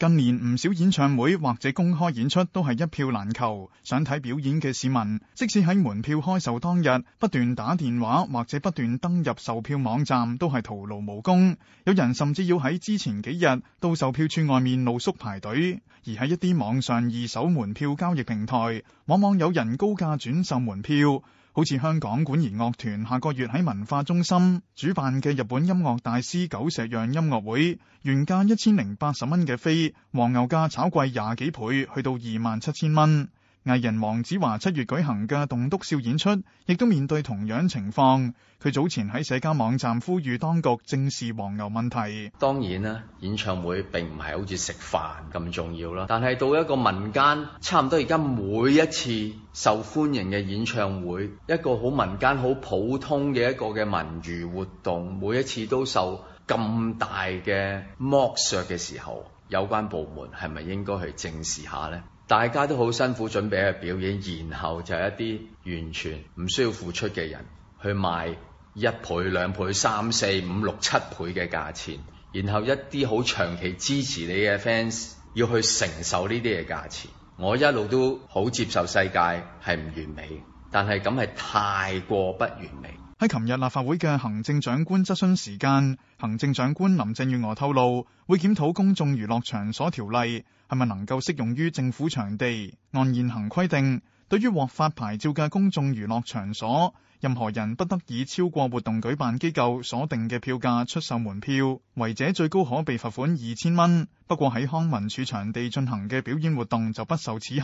近年唔少演唱會或者公開演出都係一票難求，想睇表演嘅市民即使喺門票開售當日不斷打電話或者不斷登入售票網站都係徒勞無功，有人甚至要喺之前幾日到售票處外面露宿排隊，而喺一啲網上二手門票交易平台，往往有人高價轉售門票。好似香港管弦樂團下個月喺文化中心主辦嘅日本音樂大師久石讓音樂會，原價一千零八十蚊嘅飛，黃牛價炒貴廿幾倍，去到二萬七千蚊。藝人黃子華七月舉行嘅棟篤笑演出，亦都面對同樣情況。佢早前喺社交網站呼籲當局正視黃牛問題。當然啦，演唱會並唔係好似食飯咁重要啦。但係到一個民間，差唔多而家每一次受歡迎嘅演唱會，一個好民間好普通嘅一個嘅文娛活動，每一次都受咁大嘅剝削嘅時候，有關部門係咪應該去正視下呢？大家都好辛苦準備嘅表演，然後就一啲完全唔需要付出嘅人去賣一倍、兩倍、三四五六七倍嘅價錢，然後一啲好長期支持你嘅 fans 要去承受呢啲嘅價錢。我一路都好接受世界係唔完美，但係咁係太過不完美。喺琴日立法會嘅行政長官質詢時間，行政長官林鄭月娥透露，會檢討公眾娛樂場所條例係咪能夠適用於政府場地。按現行規定，對於獲發牌照嘅公眾娛樂場所，任何人不得以超過活動舉辦機構所定嘅票價出售門票。違者最高可被罰款二千蚊。不過喺康文署場地進行嘅表演活動就不受此限。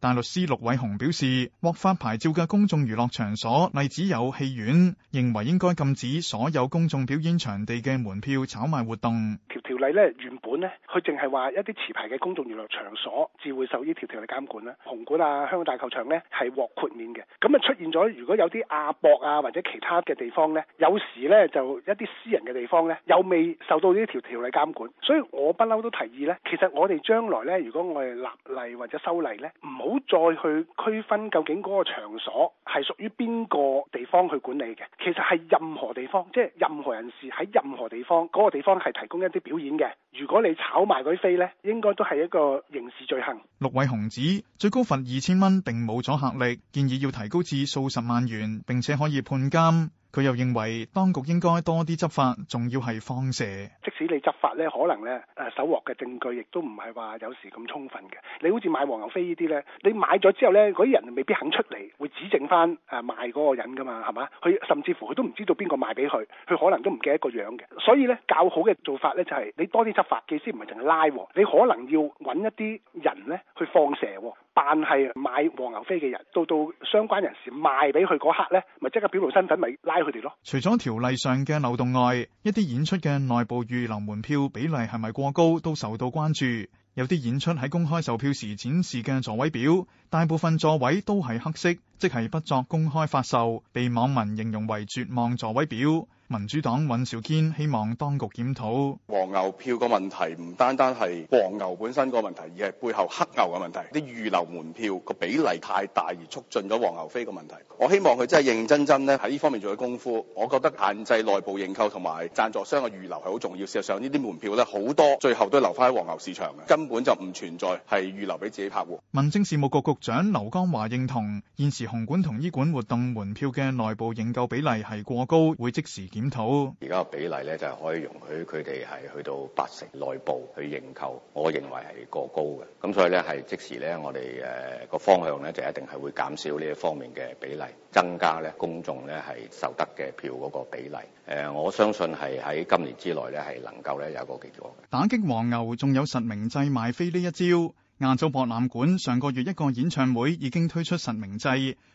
大律師陸偉雄表示，獲發牌照嘅公眾娛樂場所，例子有戲院，認為應該禁止所有公眾表演場地嘅門票炒賣活動。條條例呢原本呢，佢淨係話一啲持牌嘅公眾娛樂場所至會受呢條條例監管啦。紅館啊、香港大球場呢係獲豁免嘅。咁啊出現咗，如果有啲亞博啊或者其他嘅地方呢，有時呢就一啲私人嘅地方呢，又未。受到呢條條例監管，所以我不嬲都提議呢。其實我哋將來呢，如果我哋立例或者修例呢，唔好再去區分究竟嗰個場所係屬於邊個地方去管理嘅。其實係任何地方，即係任何人士喺任何地方嗰個地方係提供一啲表演嘅。如果你炒埋嗰啲飛呢，應該都係一個刑事罪行。陸偉雄指最高罰二千蚊並冇阻嚇力，建議要提高至數十萬元，並且可以判監。佢又認為當局應該多啲執法，仲要係放蛇。即使你執法咧，可能咧誒，搜、啊、獲嘅證據亦都唔係話有時咁充分嘅。你好似買黃牛飛呢啲咧，你買咗之後咧，嗰啲人未必肯出嚟會指證翻誒賣嗰個人噶嘛，係嘛？佢甚至乎佢都唔知道邊個賣俾佢，佢可能都唔記得個樣嘅。所以咧，較好嘅做法咧就係、是、你多啲執法，嘅意思唔係淨係拉喎，你可能要揾一啲人咧去放蛇喎、啊。但係買黃牛飛嘅人，到到相關人士賣俾佢嗰刻咧，咪即刻表露身份，咪拉佢哋咯。除咗條例上嘅漏洞外，一啲演出嘅內部預留門票比例係咪過高，都受到關注。有啲演出喺公開售票時展示嘅座位表，大部分座位都係黑色，即係不作公開發售，被網民形容為絕望座位表。民主黨尹兆堅希望當局檢討黃牛票個問題，唔單單係黃牛本身個問題，而係背後黑牛嘅問題。啲預留門票個比例太大，而促進咗黃牛飛個問題。我希望佢真係認真真咧喺呢方面做嘅功夫。我覺得限制內部認購同埋贊助商嘅預留係好重要。事實上呢啲門票咧好多最後都留翻喺黃牛市場嘅。根本就唔存在係預留俾自己拍活。民政事務局局長劉江華認同現時紅館同伊館活動門票嘅內部認購比例係過高，會即時檢討。而家嘅比例咧就係、是、可以容許佢哋係去到八成內部去認購，我認為係過高嘅。咁所以咧係即時咧，我哋誒個方向咧就一定係會減少呢一方面嘅比例，增加咧公眾咧係受得嘅票嗰個比例。誒、呃，我相信係喺今年之內咧係能夠咧有一個結果嘅。打擊黃牛仲有實名制。賣飛呢一招，亞洲博覽館上個月一個演唱會已經推出實名制，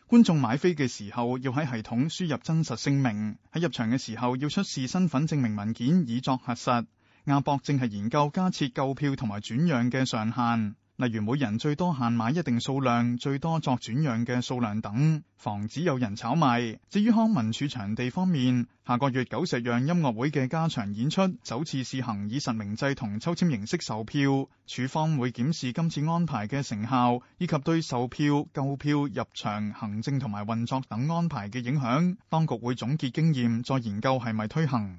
觀眾買飛嘅時候要喺系統輸入真實姓名，喺入場嘅時候要出示身份證明文件以作核實。亞博正係研究加設購票同埋轉讓嘅上限。例如每人最多限買一定數量、最多作轉讓嘅數量等，防止有人炒賣。至於康文署場地方面，下個月九石讓音樂會嘅加場演出首次試行以實名制同抽籤形式售票，署方會檢視今次安排嘅成效，以及對售票、購票、入場、行政同埋運作等安排嘅影響，當局會總結經驗，再研究係咪推行。